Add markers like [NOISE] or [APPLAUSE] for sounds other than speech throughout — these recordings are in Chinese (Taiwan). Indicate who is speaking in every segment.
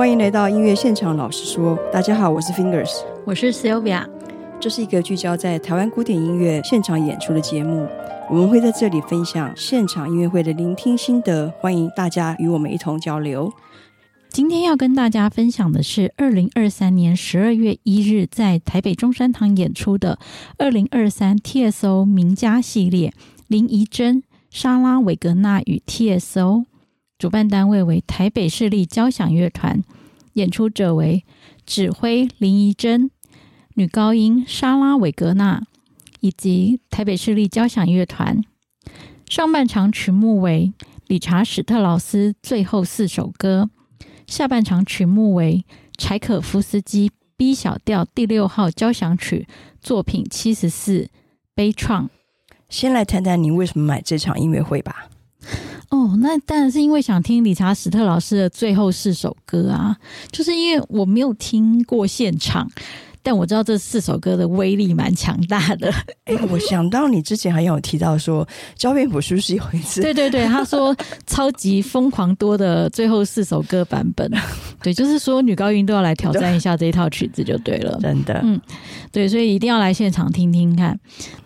Speaker 1: 歡迎來到音樂現場，老實說，大家好，我是 Fingers，我是 Sylvia，這是一個聚焦在台灣古典音樂現場演出的節目，我們會在這裡分享現場音樂會的聆聽心得，歡迎大家與我們一同交流。
Speaker 2: 今天要跟大家分享的是二零二三年十二月一日在台北中山堂演出的二零二三 TSO 名家系列，林沂蓁、莎拉．韋格娜與 TSO。主辦單位為臺北市立交響樂團，演出者為指揮林沂蓁、女高音莎拉韋格娜以及臺北市立交響樂團。上半場曲目為理查史特勞斯《最後四首歌》，下半場曲目為柴可夫斯基 B 小調第六號交響曲作品七十四《悲愴》。先來談談你為什麼買這場音樂會吧。哦，那當然是因為想聽理查史特勞斯的最後四首歌啊，就是因為我沒有聽過現場，但我知道這四首歌的威力蠻強大的。哎、欸，我想到你之前還有提到說，焦元溥是不是有一次？ [LAUGHS] 對對對，他說超級瘋狂多的最後四首歌版本，對，就是說女高音都要來挑戰一下這一套曲子就對了，真的，嗯。對，所以一定要來現場聽聽看。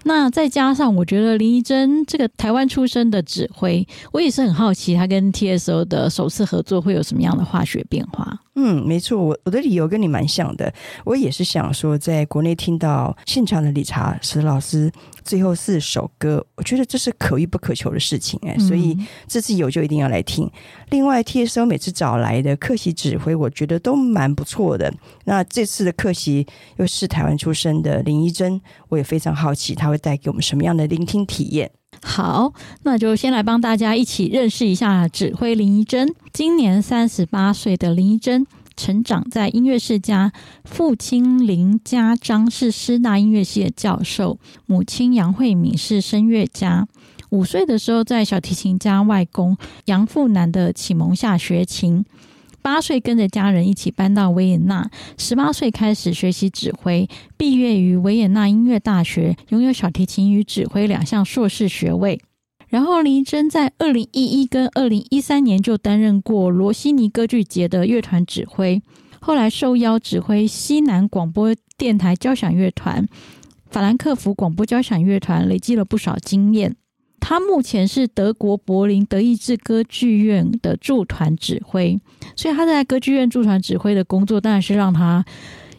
Speaker 2: 那再加上，我覺得林沂蓁這個台灣出生的指揮，我也是很好奇，她跟 TSO 的首次合作會有什麼樣的化學變化？
Speaker 1: 嗯，沒錯，我我的理由跟你蠻像的，我也是想說，在國內聽到現場的理查史老師。最後四首歌，我覺得這是可遇不可求的事情、欸嗯、所以這次有就一定要來聽。另外，TSO 每次找來的客席指揮，我覺得都蠻不錯的。那這次的客席又是台灣出身的林沂蓁，我也非常好奇他會帶給我們什麼樣的聆聽體驗。
Speaker 2: 好，那就先來幫大家一起認識一下指揮林沂蓁。今年三十八歲的林沂蓁成長在音樂世家，父親林家章是師大音樂系的教授，母親楊慧敏是聲樂家。五歲的時候，在小提琴家外公楊富南的啟蒙下學琴。八歲跟着家人一起搬到維也納，十八歲開始學習指揮，畢業於維也納音樂大學，擁有小提琴與指揮兩項碩士學位。然後，林沂蓁在二零一一跟二零一三年就擔任過羅西尼歌劇節的樂團指揮，後來受邀指揮西南廣播電台交響樂團、法蘭克福廣播交響樂團，累積了不少經驗。他目前是德國柏林德意志歌劇院的駐團指揮，所以他在歌劇院駐團指揮的工作，當然是讓他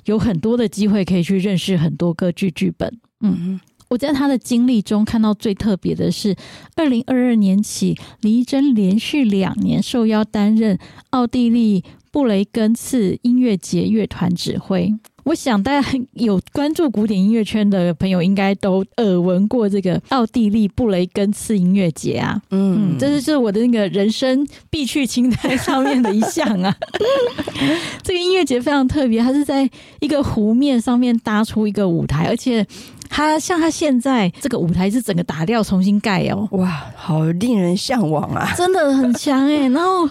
Speaker 2: 有很多的機會可以去認識很多歌劇劇本。嗯。我在他的經歷中看到最特別的是，二零二二年起，林沂蓁連續兩年受邀擔任奧地利布雷根茨音樂節樂團指揮。我想大家有關注古典音樂圈的朋友，應該都耳聞過這個奧地利布雷根茨音樂節啊。嗯，這是是我的那個人生必去清單上面的一項啊。 [LAUGHS] [LAUGHS] 這個音樂節非常特別，它是在一個湖面上面搭出一個舞台，而且。他像，他現在這個舞台是整個打掉重新蓋哦，哇，
Speaker 1: 好令人嚮往啊！
Speaker 2: 真的很強哎、欸。 [LAUGHS] 然後，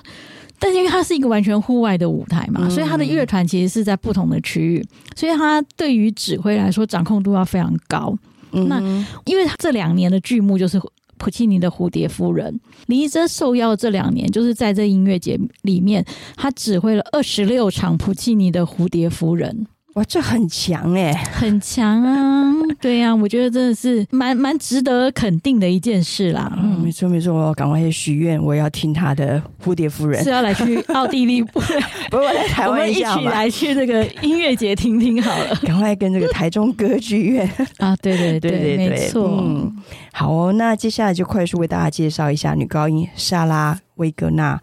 Speaker 2: 但因為它是一個完全戶外的舞台嘛，嗯、所以他的樂團其實是在不同的區域，所以他對於指揮來說掌控度要非常高。嗯、那因為他這兩年的劇目就是普契尼的《蝴蝶夫人》，林沂蓁受邀這兩年就是在這音樂節裡面，他指揮了二十六場普契尼的《蝴蝶夫人》。哇，這很強哎、欸，很強啊！對呀、啊，我覺得真的是蠻蠻值得肯定的一件事啦。嗯，沒錯沒錯，我趕快去許願，我要聽他的《蝴蝶夫人》。是要來去奧地利？ [LAUGHS] 不是， [LAUGHS] 不是，我來台灣一下嘛。我們一起來去這個音樂節聽聽好了。
Speaker 1: 趕快跟這個台中歌劇院 [LAUGHS] 啊，對對對對，對對，沒錯錯。嗯，好、哦，那接下來就快速為大家介紹一下女高音莎拉·韋格娜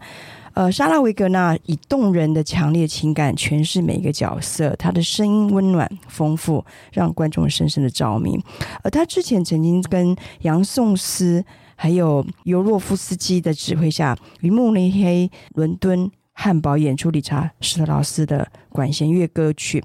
Speaker 1: 呃，莎拉維格娜以動人的強烈情感詮釋每一個角色，她的聲音溫暖豐富，讓觀眾深深的着迷。而、呃、他之前曾經跟楊頌斯還有尤洛夫斯基的指揮下，與慕尼黑、倫敦、漢堡演出理查史特勞斯的管弦樂歌曲。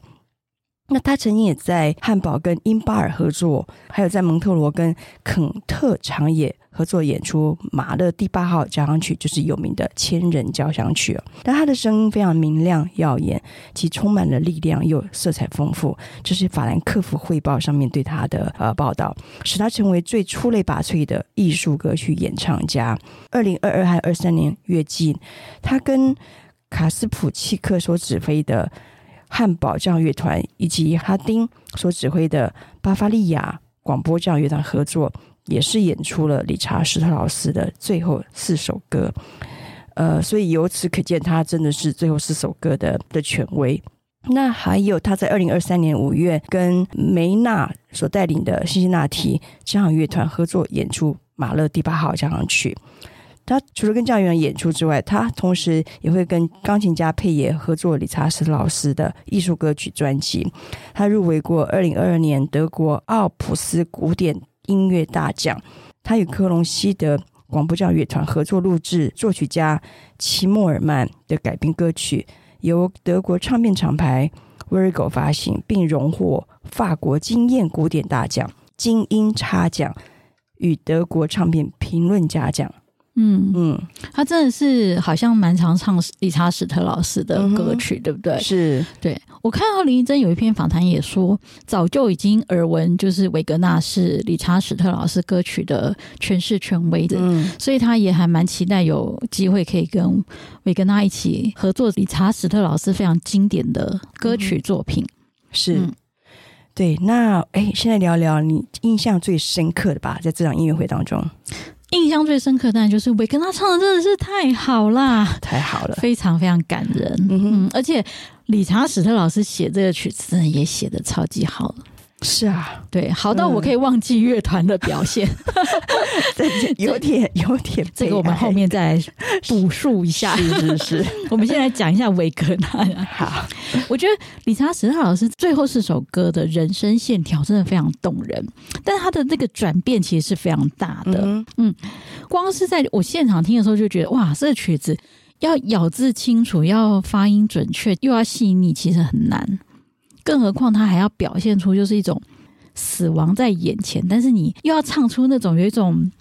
Speaker 1: 那他曾經也在漢堡跟因巴爾合作，還有在蒙特羅跟肯特長野。合作演出馬勒第八號交響曲，就是有名的千人交響曲。但他的聲音非常明亮耀眼，既充滿了力量又色彩豐富。這、就是法蘭克福匯報上面對他的呃報道使他成為最出類拔萃的藝術歌曲演唱家。二零二二還有二三年樂季，他跟卡斯普契克所指揮的漢堡交樂團以及哈丁所指揮的巴伐利亞廣播交樂團合作。也是演出了理查史特勞斯的最後四首歌，呃，所以由此可見，他真的是最後四首歌的的權威。那還有他在二零二三年五月跟梅納所帶領的辛辛那提交響樂團合作演出馬勒第八號交響曲。他除了跟交響樂團演出之外，他同時也會跟鋼琴家佩耶合作理查史特勞斯的藝術歌曲專輯。他入圍過二零二二年德國奧普斯古典。音樂大獎，他與科隆西德廣播教育樂團合作錄製作曲家齊默爾曼的改編歌曲，由德國唱片廠牌 v i r g o 發行，並榮獲法國驚艷古典大獎、精英插獎與德國唱片評論
Speaker 2: 家獎。嗯嗯，他真的是好像蠻常唱理查史特勞斯的歌曲，嗯、哼對不對？是，對，我看到林沂蓁有一篇訪談也說，早就已經耳聞，就是韋格娜是理查史特勞斯歌曲的詮釋權威的，是所以他也還蠻期待有機會可以跟韋格娜一起合作理查史特勞斯非常經典的歌曲作品。嗯、是、嗯、對，那
Speaker 1: 哎，現在聊聊你印象最深刻的吧，在這場音樂會當中。
Speaker 2: 印象最深刻，當然就是韋格娜他唱的，真的是太好啦！太好了，非常非常感人。嗯哼嗯，而且理查史特勞斯寫這個曲子，也寫得超級好。是啊，對，好到我可以忘記樂團的表現，嗯、 [LAUGHS] 有點有點，這個我們後面再補述一下。是是是，是是是 [LAUGHS] 我們先來講一下韋格娜。好， [LAUGHS] 我覺得理查·史特勞斯最後四首歌的人聲線條真的非常動人，但他的那個轉變其實是非常大的。嗯，嗯，光是在我現場聽的時候就覺得，哇，這個、曲子要咬字清楚，要發音準確，又要細膩，其實很難。更何況他還要表現出就是一種死亡在眼前，但是你又要唱出那種有一種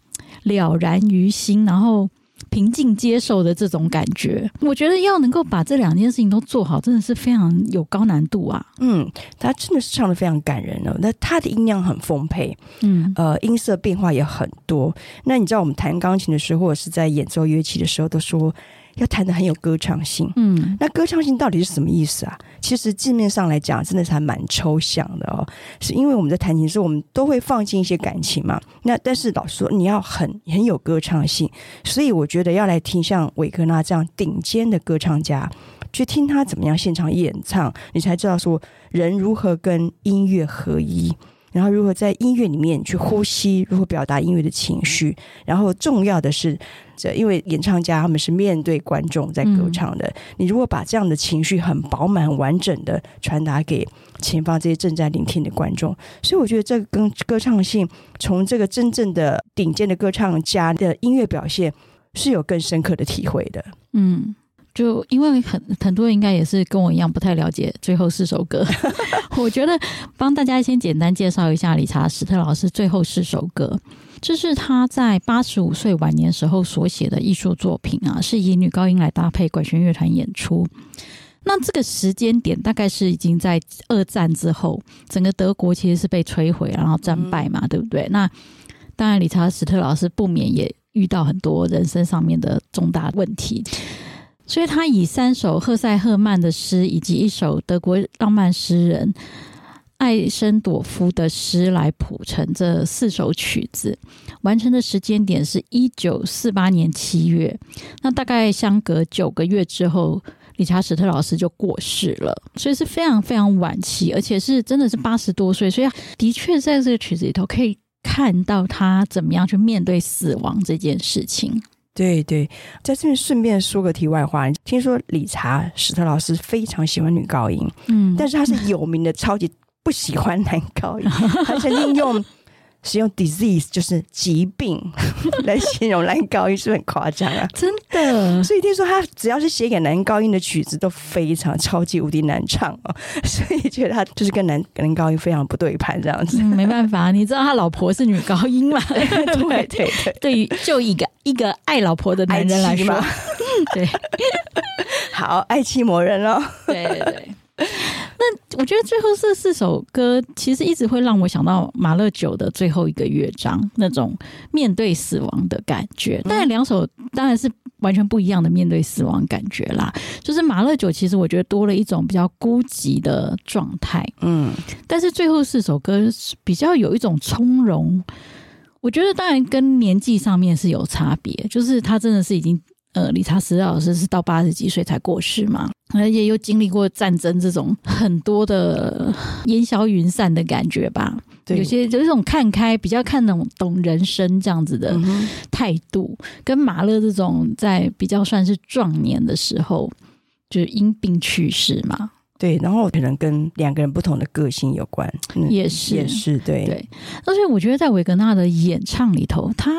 Speaker 2: 了然於心，然後平靜接受的這種感覺。我覺得要能夠把這兩件事情都做好，真的是非常有高難度啊。嗯，他真的是唱得非常感人了
Speaker 1: 哦。那他的音量很豐沛，嗯，呃，音色變化也很多。那你知道我們彈鋼琴的時候，或者是在演奏樂器的時候，都說。要彈得很有歌唱性，嗯，那歌唱性到底是什麼意思啊？其實字面上來講，真的是還蠻抽象的哦。是因為我們在彈琴時候，我們都會放進一些感情嘛。那但是老師說你要很很有歌唱性，所以我覺得要來聽像韋格娜這樣頂尖的歌唱家，去聽他怎麼樣現場演唱，你才知道說人如何跟音樂合一。然後，如何在音樂裡面去呼吸？如何表達音樂的情緒？然後，重要的是這，因為演唱家他們是面對觀眾在歌唱的。嗯、你如果把這樣的情緒很飽滿、很完整的傳達給前方這些正在聆聽的觀眾，所以我覺得這跟歌唱性，從這個真正的頂尖的歌唱家的
Speaker 2: 音樂表現是有更深刻的體會的。嗯。就因為很很多人應該也是跟我一樣不太了解最後四首歌， [LAUGHS] 我覺得幫大家先簡單介紹一下理查史特勞斯最後四首歌。這是他在八十五歲晚年時候所寫的藝術作品啊，是以女高音來搭配管弦樂團演出。那這個時間點大概是已經在二戰之後，整個德國其實是被摧毀啊，然後戰敗嘛，對不對？那當然，理查史特勞斯不免也遇到很多人生上面的重大問題。所以他以三首赫塞赫曼的詩以及一首德國浪漫詩人艾森朵夫的詩來譜成這四首曲子，完成的時間點是一九四八年七月。那大概相隔九個月之後，理查史特勞斯就過世了。所以是非常非常晚期，而且是真的是八十多歲。所以的確在這個曲子裡頭可以看到他怎麼樣去面對死亡這件事情。對對，在這邊順便說個題外話，聽說理查史
Speaker 1: 特勞斯非常喜歡女高音，嗯，但是他是有名的超級不喜歡男高音， [LAUGHS] 他曾經用。是用 disease 就是疾病來形容男高音，是不是很誇張啊？ [LAUGHS] 真的，所以聽說他只要是寫給男高音的曲子都非常超級無敵難唱哦，所以覺得他就是跟男高音非常不對盤
Speaker 2: 這樣子，嗯。沒辦法，你知道他老婆是女高音嘛？ [LAUGHS] 對，對對對，對於就一個一個愛老婆的男人來說，愛妻嗎？ [LAUGHS] 對，好，愛妻魔人咯。對對對。 [LAUGHS] 那我覺得最後這四首歌，其實一直會讓我想到馬勒九的最後一個樂章那種面對死亡的感覺。但兩首當然是完全不一樣的面對死亡感覺啦。就是馬勒九其實我覺得多了一種比較孤寂的狀態，嗯。但是最後四首歌比較有一種從容。我覺得當然跟年紀上面是有差別，就是他真的是已經呃，理查史特勞斯是到八十幾歲才過世嘛。而且又經歷過戰爭這種很多的煙消雲散的感覺吧，對有些就是這種看開、比較看懂、懂人生這樣子的態度，嗯、哼跟馬勒這種在比較算是壯年的時候就是、因病去世嘛，對，然後可能跟兩個人不同的個性有關，嗯、也是也是對對，而且我覺得在韋格娜的演唱裡頭，他。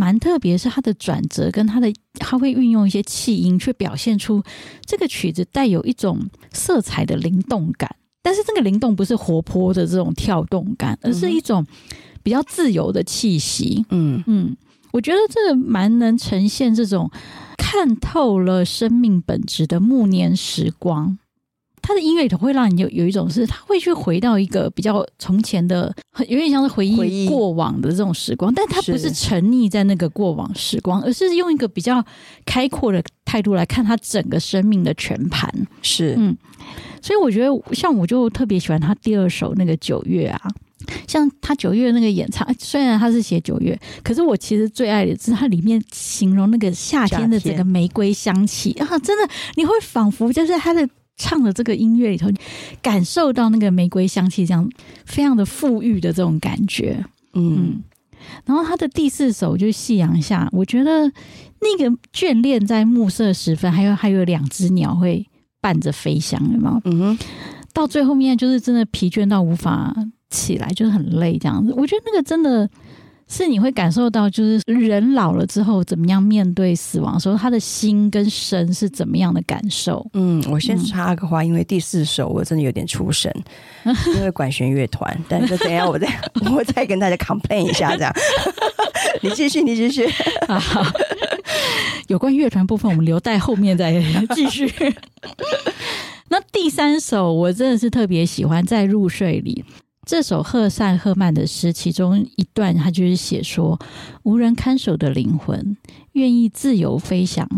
Speaker 2: 蠻特別，是它的轉折跟它的，它會運用一些氣音，去表現出這個曲子帶有一種色彩的靈動感。但是這個靈動不是活潑的這種跳動感，而是一種比較自由的氣息。嗯嗯，我覺得這蠻能呈現這種看透了生命本質的暮年時光。他的音樂裡頭會讓你有有一種是，他會去回到一個比較從前的很，有點像是回憶過往的這種時光。應但他不是沉溺在那個過往時光，是而是用一個比較開闊的態度來看他整個生命的全盤。是，嗯，所以我覺得，像我就特別喜歡他第二首那個《九月》啊，像他九月那個演唱，雖然他是寫九月，可是我其實最愛的是他裡面形容那個夏天的整個玫瑰香氣天啊，真的，你會仿佛就是他的。唱的這個音樂裡頭，感受到那個玫瑰香氣，這樣非常的馥郁的這種感覺，嗯，嗯。然後他的第四首就是《夕陽下》，我覺得那個眷戀在暮色時分，還有還有兩隻鳥會伴着飛翔，你知道嗎？嗯哼。到最後面就是真的疲倦到無法起來，就是很累這樣子。我覺得那個真的。是你會感受到，就是人老了之後怎麼樣面對死亡的時候，他的心跟神是怎麼樣的感受？嗯，我先插
Speaker 1: 個話，因為第四首我真的有點出神，嗯、因為管弦樂團。但就等下，我再 [LAUGHS] 我再跟大家 complain 一下，這樣。 [LAUGHS] 你繼續，你繼續啊！好，
Speaker 2: 好，有關樂團部分，我們留待後面再繼續。好好 [LAUGHS] 那第三首，我真的是特別喜歡，在入睡裡。這首赫塞赫曼的詩，其中一段他就是寫說：“無人看守的靈魂，願意自由飛翔，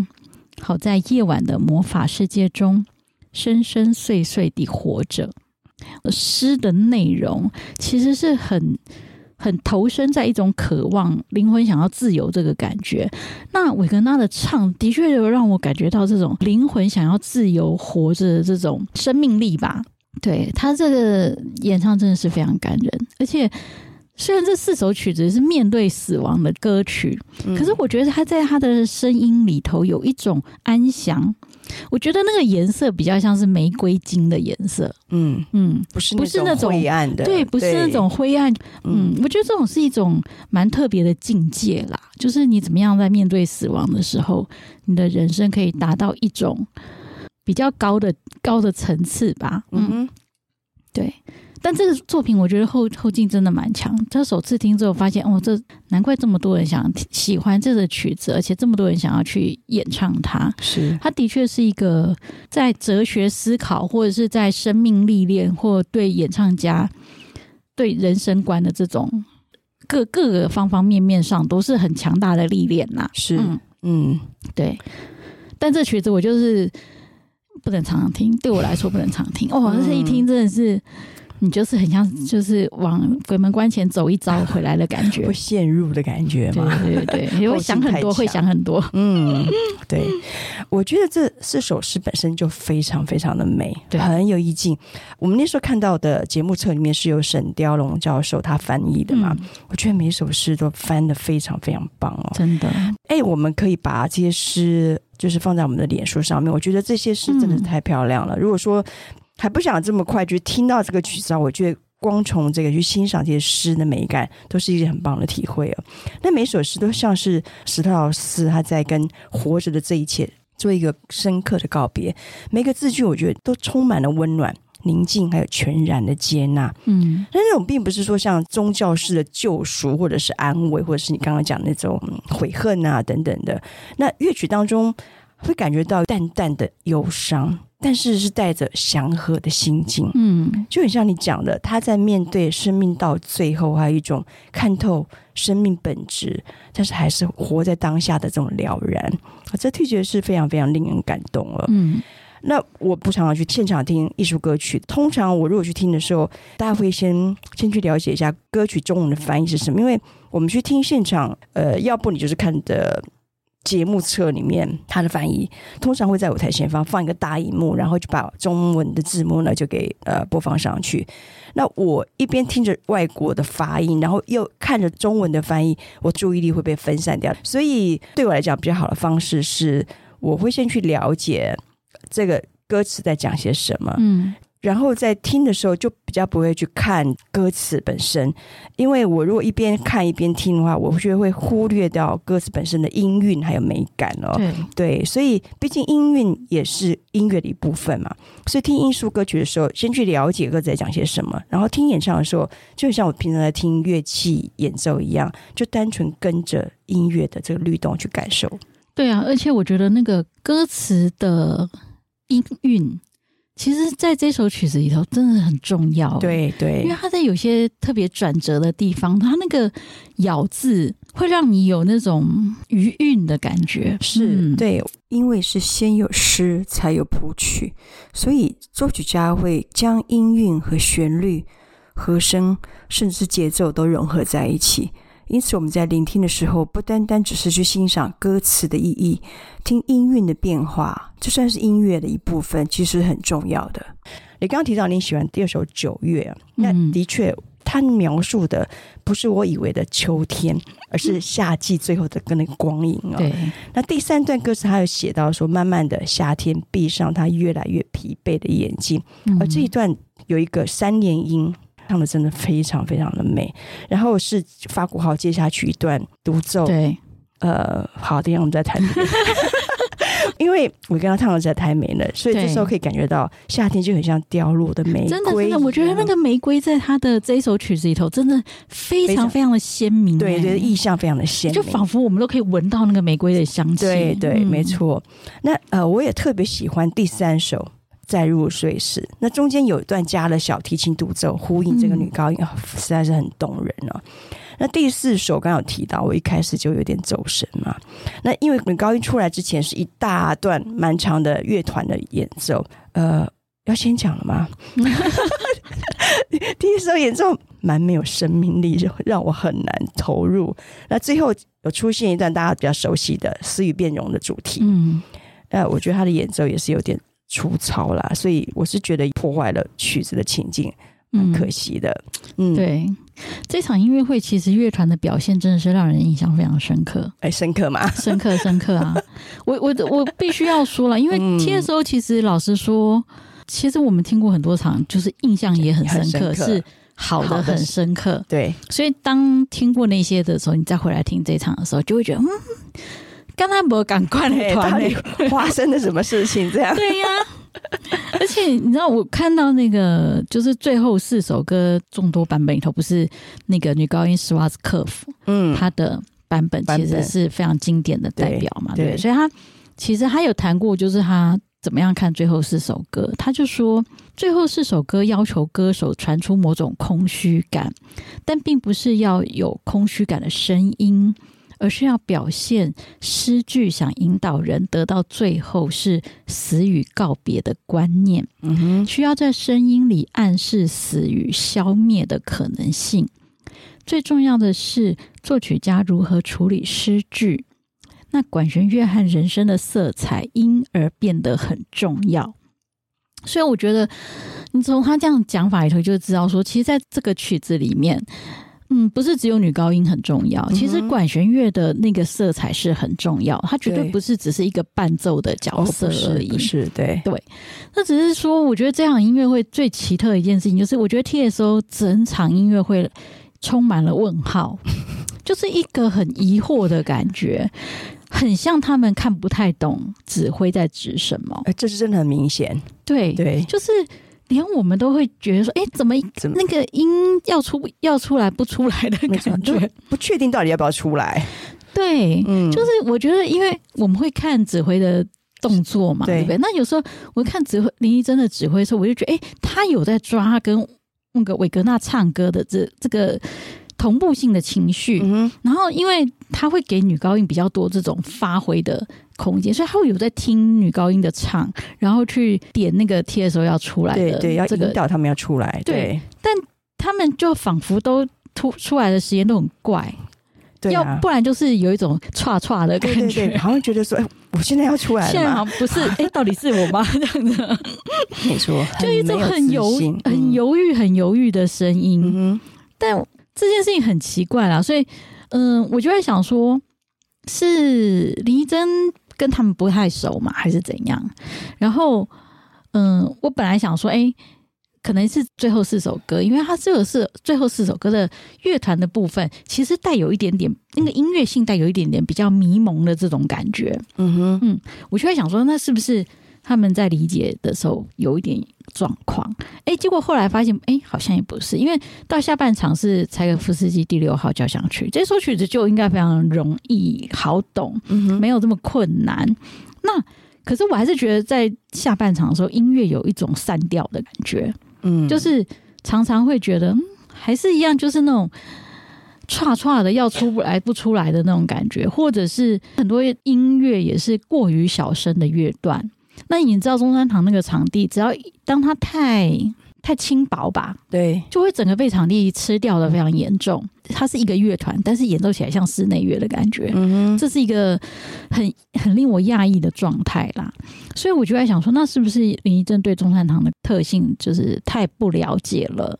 Speaker 2: 好在夜晚的魔法世界中，深深碎碎地活着。”詩的內容其實是很很投身在一種渴望靈魂想要自由這個感覺。那韋格娜的唱，的確有讓我感覺到這種靈魂想要自由活着的這種生命力吧。對，他這個演唱真的是非常感人，而且雖然這四首曲子是面對死亡的歌曲，嗯、可是我覺得他在他的聲音裡頭有一種安詳。我覺得那個顏色比較像是玫瑰金的顏色，嗯嗯，不是不是那種灰暗的，對，不是那種灰暗。對嗯，我覺得這種是一種蠻特別的境界啦，就是你怎麼樣在面對死亡的時候，你的人生可以達到一種。比較高的高的層次吧，嗯，哼嗯，對。但這個作品，我覺得後後勁真的蠻強。他首次聽之後，發現哦，這難怪這麼多人想喜歡這個曲子，而且這麼多人想要去演唱它。是，它的確是一個在哲學思考，或者是在生命歷練，或對演唱家對人生觀的這種各各個方方面面上，都是很強大的歷練吶。是，嗯，嗯對。但這曲子，我就是。不能常常聽，對我來說不能常聽。哦，這一聽真的是。嗯你就是很像，就是往鬼門關前走一遭回來的感覺，會陷入的感覺嘛？對，對對對，你會想很多，會想很多。嗯，對。我覺得這四首詩本身就非
Speaker 1: 常非常的美，對，很有意境。我們那時候看到的節目冊裡面是由沈雕龍教授他翻譯的嘛？嗯，我覺得每一首詩都翻得非常非常棒哦，真的。哎，我們可以把這些詩就是放在我們的臉書上面。我覺得這些詩真的太漂亮了。嗯，如果說。還不想這麼快就聽到這個曲子啊！我覺得光從這個去欣賞這些詩的美感，都是一件很棒的體會。那每首詩都像是史特勞斯，他在跟活着的這一切做一個深刻的告別，每個字句我覺得都充滿了溫暖、寧靜，還有全然的接納。嗯，但那種並不是說像宗教式的救贖，或者是安慰，或者是你剛剛講那種、嗯、悔恨啊等等的。那樂曲當中會感覺到淡淡的憂傷。但是是帶着祥和的心境，嗯，就很像你講的，他在面對生命到最後，還有一種看透生命本質，但是還是活在當下的這種了然，這的確是非常非常令人感動了。嗯，那我不常常去現場聽藝術歌曲，通常我如果去聽的時候，大家會先先去了解一下歌曲中文的翻譯是什麼，因為我們去聽現場，呃，要不你就是看的，節目冊裡面，它的翻譯通常會在舞台前方放一個大熒幕然後就把中文的字幕呢就給呃播放上去。那我一邊聽着外國的發音，然後又看着中文的翻譯，我注意力會被分散掉。所以對我來講，比較好的方式是，我會先去了解這個歌詞在講些什麼。嗯。然後在聽的時候就比較不會去看歌詞本身，因為我如果一邊看一邊聽的話，我覺得會忽略掉歌詞本身的音韻還有美感哦。對，對，所以畢竟音韻也是音樂的一部分嘛。所以聽藝術歌曲的時候，先去了解歌詞在講些什麼，然後聽演唱的時候，就像我平常在聽樂器演奏一樣，就單純跟着音樂的這個律動
Speaker 2: 去感受。對啊，而且我覺得那個歌詞的音韻。其實，在這首曲子裡頭，真的很重要，對。對對，因為它在有些特別轉折的地方，它那個咬字會讓你有那種餘韻的感覺。是、嗯、對，因為是先有詩才有譜曲，
Speaker 1: 所以作曲家會將音韻和旋律、和聲甚至節奏都融合在一起。因此，我們在聆聽的時候，不單單只是去欣賞歌詞的意義，聽音韻的變化。就算是音樂的一部分，其實很重要的。你剛剛提到你喜歡第二首《九月》，那的確，它描述的不是我以為的秋天，而是夏季最後的跟那個光影對那第三段歌詞他有寫到說，慢慢的夏天閉上他越來越疲憊的眼睛，嗯、而這一段有一個三連音，唱得真的非常非常的美。然後是法國號接下去一段獨奏，對，呃，好，等下我們再談。 [LAUGHS] [LAUGHS] 因為我跟他唱的實在太美了，所以這時候可以感覺到夏天就很像凋落的玫瑰。真
Speaker 2: 的，真的，我覺得那個玫瑰在他的這一首曲子裡頭，真的非常非常的鮮明、欸。對，對，對，覺得意象非常的鮮明，就仿佛我們都可以聞到那
Speaker 1: 個玫瑰的香氣。對，對，嗯、沒錯。那呃，我也特別喜歡第三首《在入睡時》，那中間有一段加了小提琴獨奏，呼應這個女高音，嗯哦、實在是很動人了、哦。那第四首剛，剛有提到，我一開始就有點走神嘛。那因為高音出來之前是一大段蠻長的樂團的演奏，呃，要先講了嗎？ [LAUGHS] [LAUGHS] 第一首演奏蠻沒有生命力，讓讓我很難投入。那最後有出現一段大家比較熟悉的《私語變容》的主題，嗯，呃我覺得他的演奏也是有點粗糙啦，所以我是覺得破壞了曲子的情境。嗯、很可惜的，
Speaker 2: 嗯，對，這場音樂會其實樂團的表現真的是讓人印象非常深刻，哎，深刻嗎？深刻，深刻啊！ [LAUGHS] 我我我必須要說了，因為聽的時候其實老實說，其實我們聽過很多場，就是印象也很深刻，嗯、深刻是好的，好的很深刻，對。所以當聽過那些的時候，你再回來聽這場的時候，就會覺得，嗯，剛剛沒有感官樂團裡發生了什麼事情，這樣， [LAUGHS] 對呀、啊。 [LAUGHS] 而且你知道，我看到那個就是最後四首歌眾多版本裡頭，不是那個女高音 Schwarzkopf，嗯，他的版本其實是非常經典的代表嘛，嗯、對，對，所以他其實他有談過，就是他怎麼樣看最後四首歌，他就說最後四首歌要求歌手傳出某種空虛感，但並不是要有空虛感的聲音。而是要表現詩句，想引導人得到最後是死與告別的觀念。嗯哼，需要在聲音裡暗示死與消滅的可能性。最重要的是，作曲家如何處理詩句，那管弦樂和人聲的色彩因而變得很重要。所以，我覺得你從他這樣講法裡頭就知道說，說其實在這個曲子裡面。嗯，不是只有女高音很重要，其實管弦樂的那個色彩是很重要，它絕對不是只是一個伴奏的角色而已。哦、是，是，對，對。那只是說，我覺得這場音樂會最奇特的一件事情，就是我覺得 TSO 整場音樂會充滿了問號，就是一個很疑惑的感覺，很像他們看不太懂指揮在指什麼。哎、呃，這是真的很明顯。對，對，就是。連我們都會覺得說，哎、欸，怎麼那個音要出要出來不出來的感覺，不確定到底要不要出來。對，嗯，就是我覺得，因為我們會看指揮的動作嘛，對，對不對？那有時候我看指揮林沂蓁的指揮的時候，我就覺得，哎、欸，他有在抓跟那個韋格娜唱歌的這這個。同步性的情緒，嗯、哼然後因為她會給女高音比較多這種發揮的空間，所以她會有在聽女高音的唱，然後去點那個 TSO 的時候要出來、這個、對，對，要引導他們要出來。對，對但他們就仿佛都突出來的時間都很怪，對、啊、要不然就是有一種唰唰的感覺，對對對，好像覺得說，哎、欸，我現在要出來了，現在好像不是，哎、欸，到底是我嗎？這樣的，
Speaker 1: [LAUGHS] [LAUGHS] 沒錯，沒就一種很猶很猶豫、
Speaker 2: 很猶豫，很猶豫的聲音，嗯、哼但。這件事情很奇怪啦，所以，嗯、呃，我就在想說，是林沂蓁跟他們不太熟嘛，還是怎樣？然後，嗯、呃，我本來想說，哎，可能是最後四首歌，因為他這個是最後四首歌的樂團的部分，其實帶有一點點那個音樂性，帶有一點點比較迷蒙的這種感覺。嗯哼，嗯，我就在想說，那是不是他們在理解的時候有一點狀況，哎，結果後來發現，哎，好像也不是，因為到下半場是柴科夫斯基第六號交響曲，這首曲子就應該非常容易好懂，嗯、哼沒有這麼困難。那可是我還是覺得在下半場的時候，音樂有一種散掉的感覺，嗯，就是常常會覺得、嗯、還是一樣，就是那種叉叉的要出不來、不出來的那種感覺，或者是很多音樂也是過於小聲的樂段。那你知道中山堂那個場地，只要當它太太輕薄吧，對，就會整個被場地吃掉的非常嚴重。它是一個樂團，但是演奏起來像室內樂的感覺，嗯，這是一個很很令我訝異的狀態啦。所以我就在想說，那是不是林沂蓁對中山堂的特性就是太不了解了，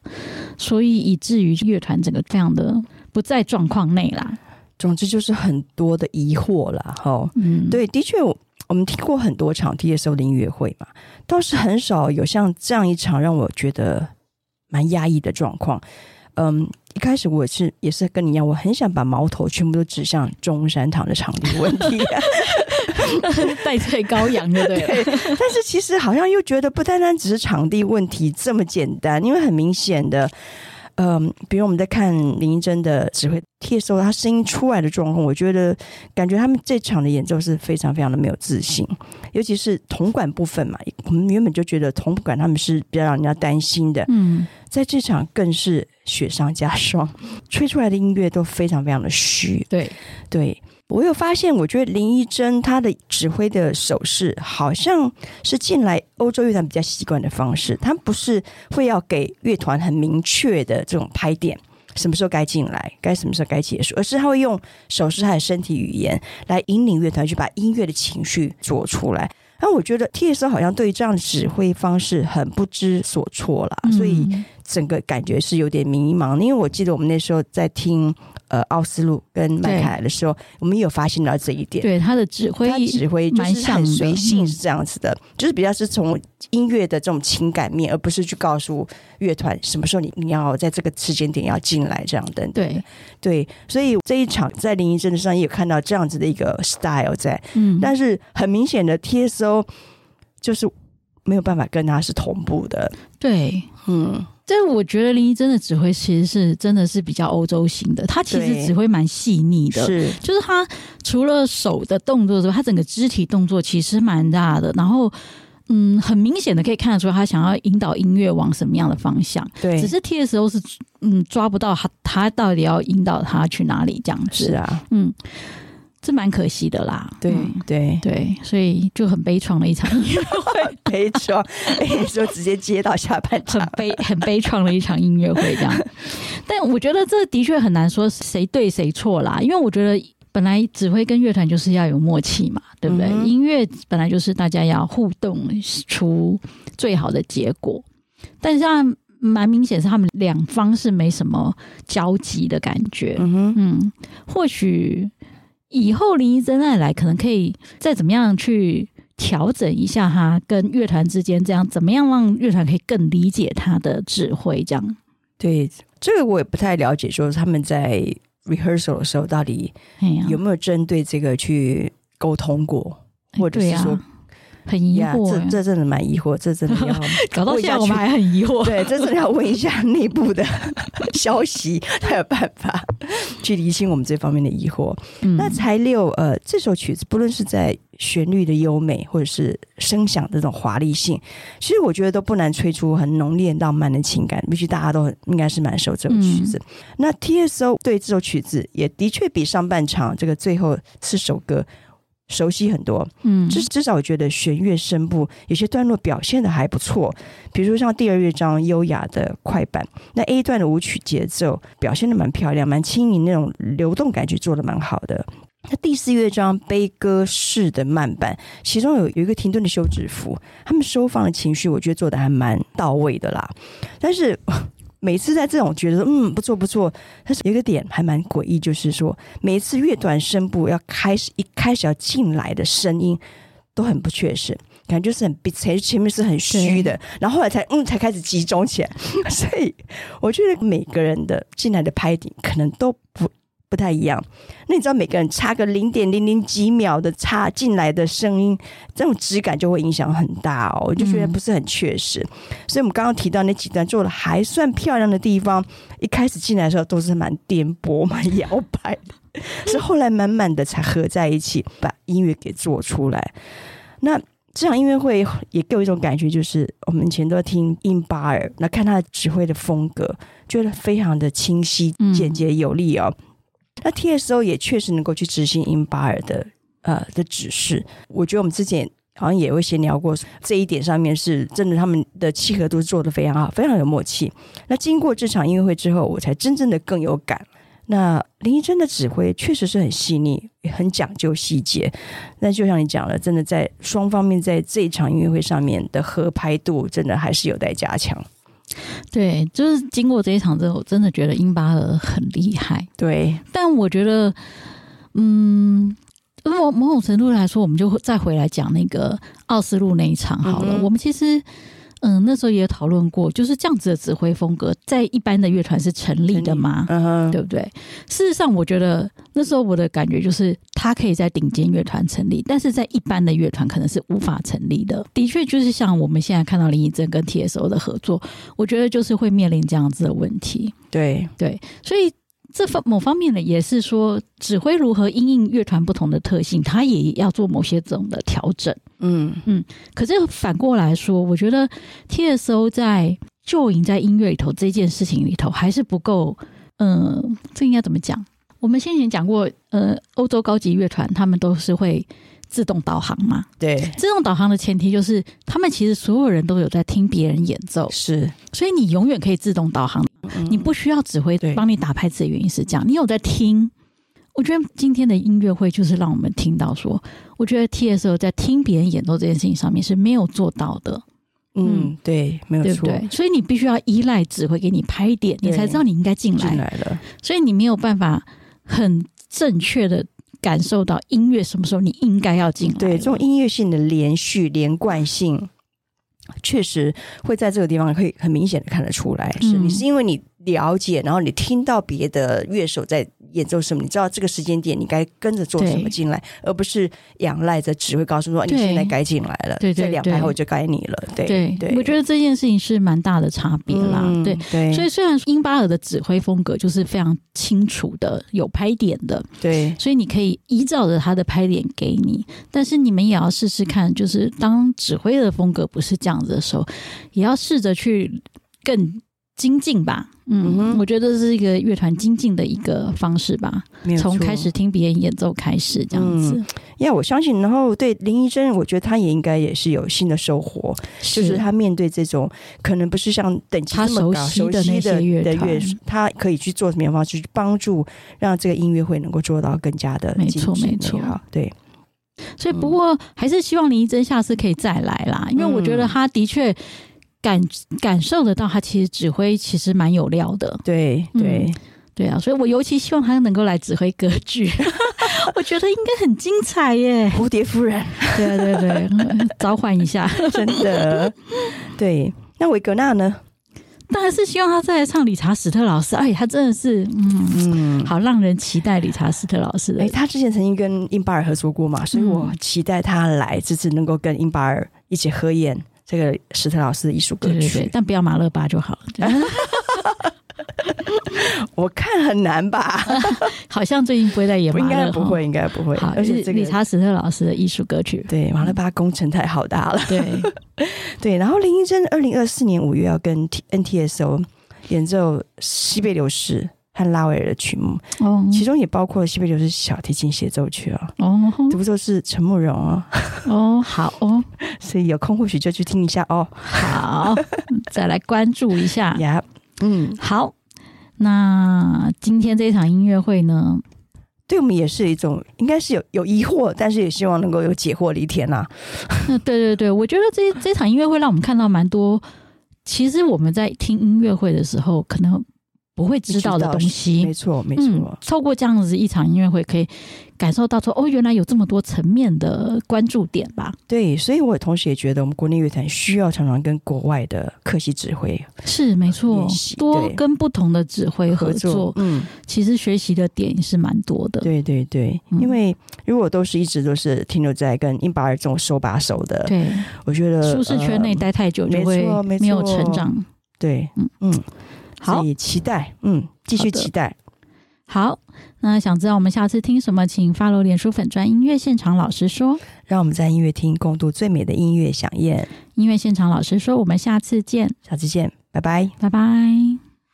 Speaker 2: 所以以至於樂團整個這樣的不在狀況內啦。總之就是很多的疑惑啦，
Speaker 1: 哈、哦，嗯，對，的確我。我們聽過很多場 TSO 的音樂會嘛，倒是很少有像這樣一場讓我覺得蠻壓抑的狀況。嗯，一開始我是也是跟你一樣，我很想把矛頭全部都指向中山堂的場地問題，
Speaker 2: 啊，代罪 [LAUGHS] [LAUGHS] 羔羊的對，對。
Speaker 1: 但是其實好像又覺得不單單只是場地問題這麼簡單，因為很明顯的。嗯，比如我們在看林沂蓁的指揮 TSO 的時候，他聲音出來的狀況，我覺得感覺他們這場的演奏是非常非常的沒有自信，尤其是銅管部分嘛，我們原本就覺得銅管他們是比較讓人家擔心的，嗯，在這場更是雪上加霜，吹出來的音樂都非常非常的虛，對對。對我有發現，我覺得林沂蓁他的指揮的手勢好像是進來歐洲樂團比較習慣的方式，他不是會要給樂團很明確的這種拍點，什麼時候該進來，該什麼時候該結束，而是他會用手勢還有身體語言來引領樂團去把音樂的情緒做出來。但我覺得 TSO 好像對於這樣指揮方式很不知所措了，所以整個感覺是有點迷茫。因為我記得我們那時候在聽。呃，奧斯陸跟邁凱萊的時候，對我們也有發現到這一點。對他的指揮，他指揮就是很隨性，是這樣子的，的就是比較是從音樂的這種情感面，嗯、而不是去告訴樂團什麼時候你你要在這個時間點要進來這樣等等。對，對所以這一場在林沂蓁的上也有看到這樣子的一個 style 在。嗯，但是很明顯的 T S O 就是。沒有辦法跟他是同步的，
Speaker 2: 對，嗯，但我覺得林沂蓁的指揮其實是真的是比較歐洲型的，他其實指揮蠻細膩的，是對，就是他除了手的動作之外，他整個肢體動作其實蠻大的，然後，嗯，很明顯的可以看得出他想要引導音樂往什麼樣的方向，對，只是 T S O 是嗯抓不到他他到底要引導他去哪裡這樣子，是啊，嗯。這蠻可惜的啦，對、嗯、對對，所以就很悲愴的一場音樂會， [LAUGHS] 悲愴創，所以就直接接到下半場，很悲很悲愴的一場音樂會這樣。 [LAUGHS] 但我覺得這的確很難說誰對誰錯啦，因為我覺得本來指揮跟樂團就是要有默契嘛，對不對？嗯、哼音樂本來就是大家要互動出最好的結果，但現在蠻明顯是他們兩方是沒什麼交集的感覺，嗯，哼嗯或許。以後林沂蓁再來，可能可以再怎麼樣去調整一下哈，跟樂團之間這樣，怎麼樣讓樂團可以更理解他的指揮這樣。對，這個我也不太了
Speaker 1: 解，說他們在 rehearsal 的時候到底有沒有針對這個去溝通過，對啊、或者是說。
Speaker 2: 很疑惑，yeah, 這這
Speaker 1: 真的蠻疑惑，這真的要搞 [LAUGHS] 到現在我們還很疑惑，對，這真的要問一下內部的消息， [LAUGHS] 才有辦法去理清我們這方面的疑惑。嗯、那柴六呃這首曲子，不論是在旋律的優美，或者是聲響這種華麗性，其實我覺得都不難吹出很濃烈浪漫的情感，必須大家都很應該是蠻熟這首曲子。嗯、那 T S O 對這首曲子也的確比上半場這個最後四首歌。熟悉很多，嗯，至至少我覺得弦樂聲部，有些段落表現的還不錯，比如說像第二樂章優雅的快板，那 A 段的舞曲節奏表現的蠻漂亮，蠻輕盈，那種流動感覺做的蠻好的。那第四樂章悲歌式的慢板，其中有有一個停頓的休止符，他們收放的情緒，我覺得做的還蠻到位的啦。但是。每次在這種覺得嗯不錯不錯，但是有一個點還蠻詭異，就是說每一次樂段聲部要開始一開始要進來的聲音都很不確實，感覺就是很前，前面是很虛的，然後後來才嗯才開始集中起來， [LAUGHS] 所以我覺得每個人的進來的拍點可能都不。不太一樣，那你知道每個人差個零點零零幾秒的差進來的聲音，這種質感就會影響很大哦，我就覺得不是很確實。嗯、所以，我們剛剛提到那幾段做得還算漂亮的地方，一開始進來的時候都是蠻顛簸、蠻搖擺的，是 [LAUGHS] 後來慢慢的才合在一起，把音樂給做出來。那這場音樂會也給我一種感覺，就是我們以前都要聽印巴爾，那看他的指揮的風格，覺得非常的清晰、簡潔、有力哦。嗯那 TSO 也確實能夠去執行英巴爾的呃的指示，我覺得我們之前好像也會閒聊過這一點上面是，真的他們的契合度做的非常好，非常有默契。那經過這場音樂會之後，我才真正的更有感。那林沂蓁的指揮確實是很細膩，也很講究細節。那就像你講了，真的在雙方面在這一場音樂會上面的合拍度，真的還是有待加強。
Speaker 2: 對，就是經過這一場之後，我真的覺得英巴爾很厲害。對，但我覺得，嗯，如果某，某種程度來說，我們就再回來講那個奧斯陸那一場好了。嗯嗯，我們其實。嗯，那時候也有討論過，就是這樣子的指揮風格，在一般的樂團是成立的嗎？嗯嗯、對不對？事實上，我覺得那時候我的感覺就是，他可以在頂尖樂團成立，但是在一般的樂團可能是無法成立的。的確，就是像我們現在看到林沂蓁跟 T S O 的合作，我覺得就是會面臨這樣子的問題。對對，所以這方某方面呢，也是說，指揮如何因應樂團不同的特性，他也要做某些這種的調整。嗯嗯，可是反過來說，我覺得 TSO 在就贏在音樂裡頭這件事情裡頭還是不夠。嗯、呃，這應該怎麼講？我們先前講過，呃，歐洲高級樂團他們都是會自動導航嘛。對，自動導航的前提就是他們其實所有人都有在聽別人演奏，是。所以你永遠可以自動導航，嗯、你不需要指揮幫你打拍子的原因是這樣，對你有在聽。我覺得今天的音樂會就是讓我們聽到說，我覺得 TSO 在聽別人演奏這件事情上面是沒有做到的。嗯，對，沒有
Speaker 1: 錯，對對。
Speaker 2: 所以你必須要依賴指揮給你拍一點，對你才知道你應該進來。進來了，所以你沒有辦法很正確的感受到音樂什麼時候你應該要進來。
Speaker 1: 對，這種音樂性的連續連貫性，確實會在這個地方可以很明顯的看得出來。嗯、是，你是因為你了解，然後你聽到別的樂手在。演奏什麼？你知道這個時間點，你該跟着做什麼進來，對而不是仰賴着指揮告訴說對你現在該進來了。對對，兩拍後就該你了。對對，對對，我
Speaker 2: 覺得這件事情是蠻大的差別啦。對、嗯、對，對，所以雖然英巴爾的指揮風格就是非常清楚的，有拍點的。對，所以你可以依照着他的拍點給你，但是你們也要試試看，就是當指揮的風格不是這樣子的時候，也要試着去更。精進吧，嗯，嗯哼我覺得這是一個樂團精進的一個方式吧。從錯開始聽別人演奏開始，這樣子。因為、嗯 yeah,
Speaker 1: 我相信，然後對林沂蓁，我覺得他也應該也是有新的收穫，是就是他面對這種可能不是像等級那麼高熟悉的那些樂的樂，他可以去做什麼樣的方式去幫助，讓這個音樂會能夠做到更加的，的沒錯錯，沒錯，對。
Speaker 2: 嗯、所以，不過還是希望林沂蓁下次可以再來啦，因為我覺得他的確。嗯感感受得到，他其實指揮其實蠻有料的。對對、嗯、對啊，所以我尤其希望他能夠來指揮歌劇， [LAUGHS] 我覺得應該很精彩耶！蝴蝶夫人， [LAUGHS] 對，啊、對對對，召喚一下， [LAUGHS] 真的。對，那韋格娜呢？當然是希望他再來唱理查史特勞斯。哎，他真的是，嗯，嗯，好讓人期待理查史特勞斯哎，他之前曾經跟英巴爾合作過嘛，
Speaker 1: 所以我期待他來、嗯、這次能夠跟英巴爾一起合演。這個史特勞斯的
Speaker 2: 藝術歌曲，對對對，但不要馬勒巴就好了。 [LAUGHS] [LAUGHS] [LAUGHS] 我看很難吧，好像最近不會再演吧？應該不會，應該不會。好而且、這個，理查史特勞斯的藝術歌曲，對馬勒巴工程太浩大了。
Speaker 1: 對， [LAUGHS] 對。然後，林沂蓁二零二四年五月要跟 NTSO 演奏西北《西貝流士》。和拉維爾的曲目哦，oh. 其中也包括《西貝流士小提琴協奏曲、啊》哦。哦，這不就是陳慕容哦、啊。哦、oh. [LAUGHS] 好，好哦，所以有空或許就去聽一下哦。Oh. 好，
Speaker 2: [LAUGHS] 再來關注一下呀。Yeah. 嗯，好。那今天這場音樂會呢，對我們也是一種，應該是有有疑惑，但是也希望能夠有解惑的一天吶、啊。 [LAUGHS] 對對對，我覺得這這場音樂會讓我們看到蠻多。其實我們在聽音樂會的時候，可能。不會知道的東西，沒錯，沒錯、嗯。透過這樣子一場音樂會，可以感受到說，哦，原來有這麼多層面的關注點吧？對，所以我同時也覺得，我們國內樂團需要常常跟國
Speaker 1: 外的客席指揮
Speaker 2: 是沒錯，也多跟不同的指揮合作。對合作嗯，其實學習的點也是蠻多的。對，對，對，對、嗯，對。
Speaker 1: 因為如果都是一直都是停留在跟殷巴爾這種手把手的，對，我覺得舒適圈內待太久沒，沒錯，沒錯，沒有成長。對，嗯嗯。嗯好，所以期待，嗯，繼續期待
Speaker 2: 好。好，那想知道我們下次聽什麼，請 follow 臉書粉專音樂現場老師說，讓我們在音樂廳共度最美的音樂饗宴。音樂現場老師說，我們下
Speaker 1: 次見，下次見，拜拜，拜拜。